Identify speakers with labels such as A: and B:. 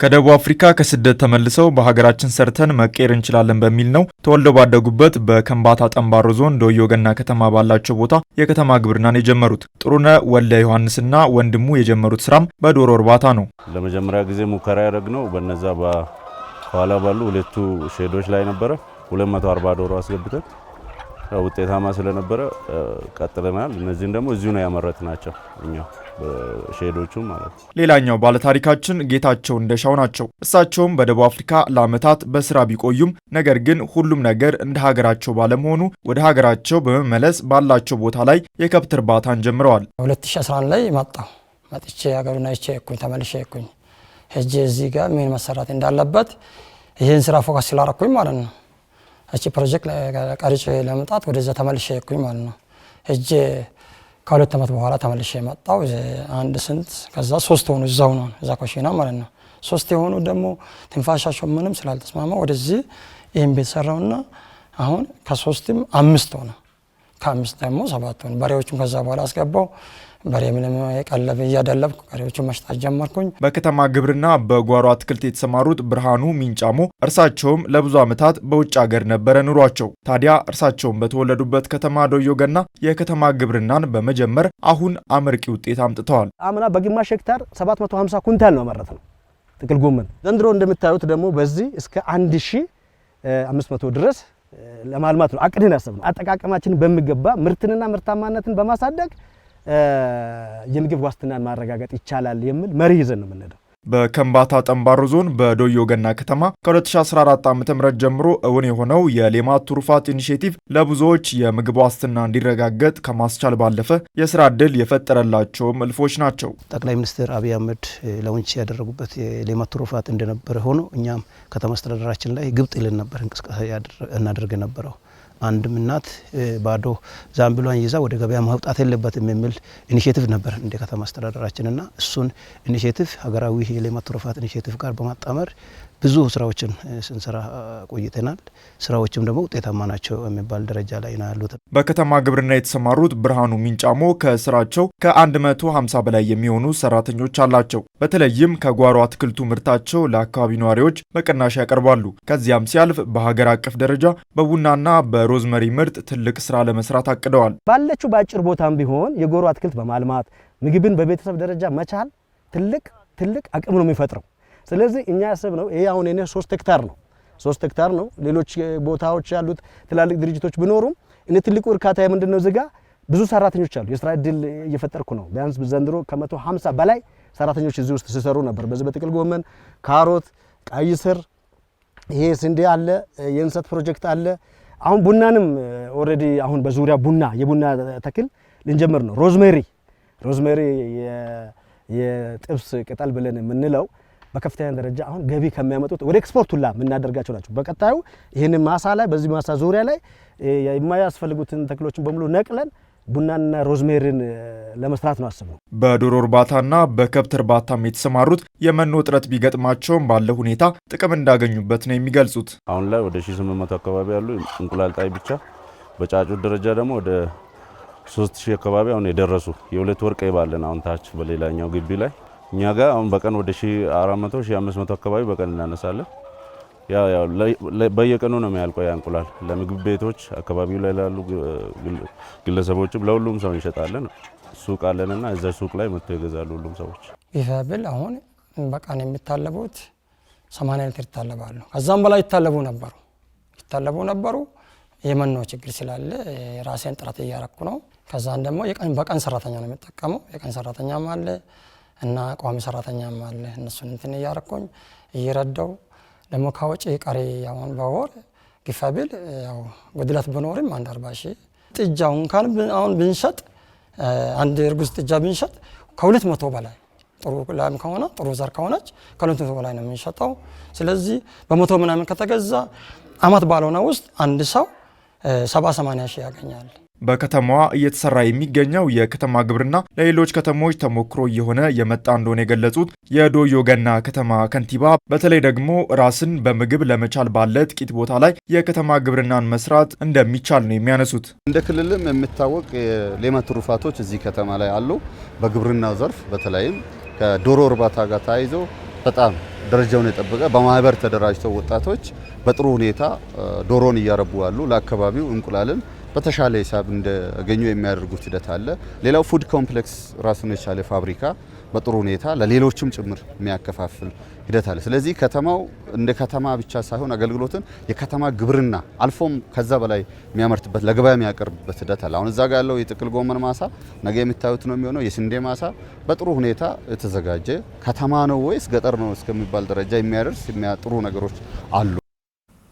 A: ከደቡብ አፍሪካ ከስደት ተመልሰው በሀገራችን ሰርተን መቀየር እንችላለን በሚል ነው ተወልደው ባደጉበት በከምባታ ጠንባሮ ዞን ዶዮ ገና ከተማ ባላቸው ቦታ የከተማ ግብርናን የጀመሩት ጥሩነ ወልደ ዮሐንስና ወንድሙ የጀመሩት ስራም በዶሮ እርባታ ነው።
B: ለመጀመሪያ ጊዜ ሙከራ ያደረግነው በነዛ በኋላ ባሉ ሁለቱ ሼዶች ላይ ነበረ። 240 ዶሮ አስገብተን ውጤታማ ስለነበረ ቀጥለናል። እነዚህም ደግሞ እዚሁ ነው ያመረት ናቸው እኛ ሼዶቹ ማለት ነው።
A: ሌላኛው ባለታሪካችን ጌታቸው እንደሻው ናቸው። እሳቸውም በደቡብ አፍሪካ ለአመታት በስራ ቢቆዩም ነገር ግን ሁሉም ነገር እንደ ሀገራቸው ባለመሆኑ ወደ ሀገራቸው በመመለስ ባላቸው ቦታ ላይ የከብት እርባታን ጀምረዋል።
C: 2011 ላይ መጣሁ። መጥቼ ሀገሩን አይቼ ኩኝ ተመልሼ ኩኝ ሄጄ እዚህ ጋር ምን መሰራት እንዳለበት ይህን ስራ ፎከስ ስላረኩኝ ማለት ነው እቺ ፕሮጀክት ቀርጬ ለመምጣት ወደዛ ተመልሼ ሄድኩኝ ማለት ነው። ሄጄ ከሁለት ዓመት በኋላ ተመልሼ የመጣው አንድ ስንት ከዛ ሶስት ሆኑ እዛው ነው እዛ ኮሽና ማለት ነው። ሶስት የሆኑ ደግሞ ትንፋሻቸው ምንም ስላልተስማማ ወደዚህ ይህን ቤት ሰራውና አሁን ከሶስትም አምስት ሆነ። ከአምስት ደግሞ ሰባቱን በሬዎቹን ከዛ በኋላ አስገባው። በሬ ምንም የቀለብ እያደለብኩ በሬዎቹን መሽጣት ጀመርኩኝ።
A: በከተማ ግብርና በጓሮ አትክልት የተሰማሩት ብርሃኑ ሚንጫሞ እርሳቸውም ለብዙ ዓመታት በውጭ ሀገር ነበረ ኑሯቸው። ታዲያ እርሳቸውም በተወለዱበት ከተማ ዶዮ ገና የከተማ ግብርናን በመጀመር አሁን አመርቂ ውጤት አምጥተዋል።
C: አምና በግማሽ ሄክታር 750 ኩንታል ነው መረት ነው ጥቅል ጎመን። ዘንድሮ እንደምታዩት ደግሞ በዚህ እስከ 1500 ድረስ ለማልማት ነው አቅድን ያሰብነው። አጠቃቀማችንን በሚገባ ምርትንና ምርታማነትን በማሳደግ የምግብ ዋስትናን ማረጋገጥ ይቻላል የሚል መሪ ይዘን ነው የምንሄደው።
A: በከምባታ ጠምባሮ ዞን በዶዮ ገና ከተማ ከ2014 ዓ ም ጀምሮ እውን የሆነው የሌማት ቱሩፋት ኢኒሽቲቭ ለብዙዎች የምግብ ዋስትና እንዲረጋገጥ ከማስቻል ባለፈ የስራ እድል የፈጠረላቸውም እልፎች ናቸው።
D: ጠቅላይ ሚኒስትር አብይ አህመድ ለውንጭ ያደረጉበት የሌማት ቱሩፋት እንደነበረ ሆኖ እኛም ከተማ አስተዳደራችን ላይ ግብጥ ይልን ነበር እንቅስቃሴ እናደርግ የነበረው አንድም እናት ባዶ ዛምብሏን ይዛ ወደ ገበያ ማውጣት የለበትም የሚል ኢኒሽቲቭ ነበር እንደ ከተማ አስተዳደራችንና እሱን ኢኒሽቲቭ ሀገራዊ የሌማት ትሩፋት ኢኒሼቲቭ ጋር በማጣመር ብዙ ስራዎችን ስንሰራ ቆይተናል። ስራዎችም ደግሞ ውጤታማ ናቸው የሚባል ደረጃ ላይ ነው ያሉት።
A: በከተማ ግብርና የተሰማሩት ብርሃኑ ሚንጫሞ ከስራቸው ከ150 በላይ የሚሆኑ ሰራተኞች አላቸው። በተለይም ከጓሮ አትክልቱ ምርታቸው ለአካባቢ ነዋሪዎች በቅናሽ ያቀርባሉ። ከዚያም ሲያልፍ በሀገር አቀፍ ደረጃ በቡናና በሮዝመሪ ምርት ትልቅ ስራ ለመስራት አቅደዋል።
C: ባለችው በአጭር ቦታም ቢሆን የጓሮ አትክልት በማልማት ምግብን በቤተሰብ ደረጃ መቻል ትልቅ ትልቅ አቅም ነው የሚፈጥረው። ስለዚህ እኛ ያሰብነው ይሄ አሁን የኔ ሶስት ሄክታር ነው ሶስት ሄክታር ነው። ሌሎች ቦታዎች ያሉት ትላልቅ ድርጅቶች ቢኖሩም እኔ ትልቁ እርካታ የምንድን ነው ዝጋ ብዙ ሰራተኞች አሉ። የስራ እድል እየፈጠርኩ ነው። ቢያንስ ዘንድሮ ከመቶ ሃምሳ በላይ ሰራተኞች እዚህ ውስጥ ሲሰሩ ነበር። በዚህ በጥቅል ጎመን፣ ካሮት፣ ቀይ ስር፣ ይሄ ስንዴ አለ፣ የእንሰት ፕሮጀክት አለ። አሁን ቡናንም ኦልሬዲ አሁን በዙሪያ ቡና የቡና ተክል ልንጀምር ነው። ሮዝሜሪ ሮዝሜሪ የጥብስ ቅጠል ብለን የምንለው በከፍተኛ ደረጃ አሁን ገቢ ከሚያመጡት ወደ ኤክስፖርት ሁላ የምናደርጋቸው ናቸው። በቀጣዩ ይህንን ማሳ ላይ በዚህ ማሳ ዙሪያ ላይ የማያስፈልጉትን ተክሎችን በሙሉ ነቅለን ቡናና ሮዝሜሪን ለመስራት ነው አስቡ።
A: በዶሮ እርባታና በከብት እርባታም የተሰማሩት የመኖ እጥረት ቢገጥማቸውም ባለ ሁኔታ ጥቅም እንዳገኙበት ነው የሚገልጹት።
B: አሁን ላይ ወደ 1800 አካባቢ ያሉ እንቁላል ጣይ ብቻ በጫጩት ደረጃ ደግሞ ወደ ሶስት ሺህ አካባቢ አሁን የደረሱ የሁለት ወር ቀይ ባለን አሁን ታች በሌላኛው ግቢ ላይ እኛ ጋር አሁን በቀን ወደ ሺ አራት መቶ ሺህ አምስት መቶ አካባቢ በቀን እናነሳለን። በየቀኑ ነው የሚያልቀው ያ እንቁላል። ለምግብ ቤቶች አካባቢው ላይ ላሉ ግለሰቦችም ለሁሉም ሰው እንሸጣለን። ሱቅ አለንና እዛ ሱቅ ላይ መጥቶ ይገዛሉ ሁሉም ሰዎች።
C: ቢፈብል አሁን በቀን የሚታለቡት ሰማንያ ሊትር ይታለባሉ። ከዛም በላይ ይታለቡ ነበሩ ይታለቡ ነበሩ የመኖ ችግር ስላለ የራሴን ጥረት እያረኩ ነው። ከዛን ደግሞ በቀን ሰራተኛ ነው የሚጠቀመው። የቀን ሰራተኛም አለ እና ቋሚ ሰራተኛም አለ። እነሱን እንትን እያረኩኝ እየረዳው ደግሞ ከውጭ ቀሪ አሁን በወር ግፋቢል ያው ጉድለት ብኖርም አንድ አርባ ሺ ጥጃው እንኳን አሁን ብንሸጥ አንድ እርጉዝ ጥጃ ብንሸጥ ከሁለት መቶ በላይ ጥሩ ላም ከሆነ ጥሩ ዘር ከሆነች ከሁለት መቶ በላይ ነው የምንሸጠው። ስለዚህ በመቶ ምናምን ከተገዛ አመት ባልሆነ ውስጥ አንድ ሰው ሰባ ሰማንያ ሺህ ያገኛል።
A: በከተማዋ እየተሰራ የሚገኘው የከተማ ግብርና ለሌሎች ከተሞች ተሞክሮ እየሆነ የመጣ እንደሆነ የገለጹት የዶዮ ገና ከተማ ከንቲባ በተለይ ደግሞ ራስን በምግብ ለመቻል ባለ ጥቂት ቦታ ላይ የከተማ ግብርናን መስራት እንደሚቻል ነው የሚያነሱት።
B: እንደ ክልልም የሚታወቅ የሌማት ትሩፋቶች እዚህ ከተማ ላይ አሉ። በግብርናው ዘርፍ በተለይም ከዶሮ እርባታ ጋር ተያይዞ በጣም ደረጃውን የጠበቀ በማህበር ተደራጅተው ወጣቶች በጥሩ ሁኔታ ዶሮን እያረቡ ያሉ ለአካባቢው እንቁላልን በተሻለ ሂሳብ እንደገኙ የሚያደርጉት ሂደት አለ። ሌላው ፉድ ኮምፕሌክስ ራሱን የቻለ ፋብሪካ በጥሩ ሁኔታ ለሌሎችም ጭምር የሚያከፋፍል ሂደት አለ። ስለዚህ ከተማው እንደ ከተማ ብቻ ሳይሆን አገልግሎትን የከተማ ግብርና አልፎም ከዛ በላይ የሚያመርትበት ለገበያ የሚያቀርብበት ሂደት አለ። አሁን እዛ ጋ ያለው የጥቅል ጎመን ማሳ ነገ የሚታዩት ነው የሚሆነው። የስንዴ ማሳ በጥሩ ሁኔታ የተዘጋጀ ከተማ ነው ወይስ ገጠር ነው እስከሚባል ደረጃ የሚያደርስ የሚያጥሩ ነገሮች አሉ።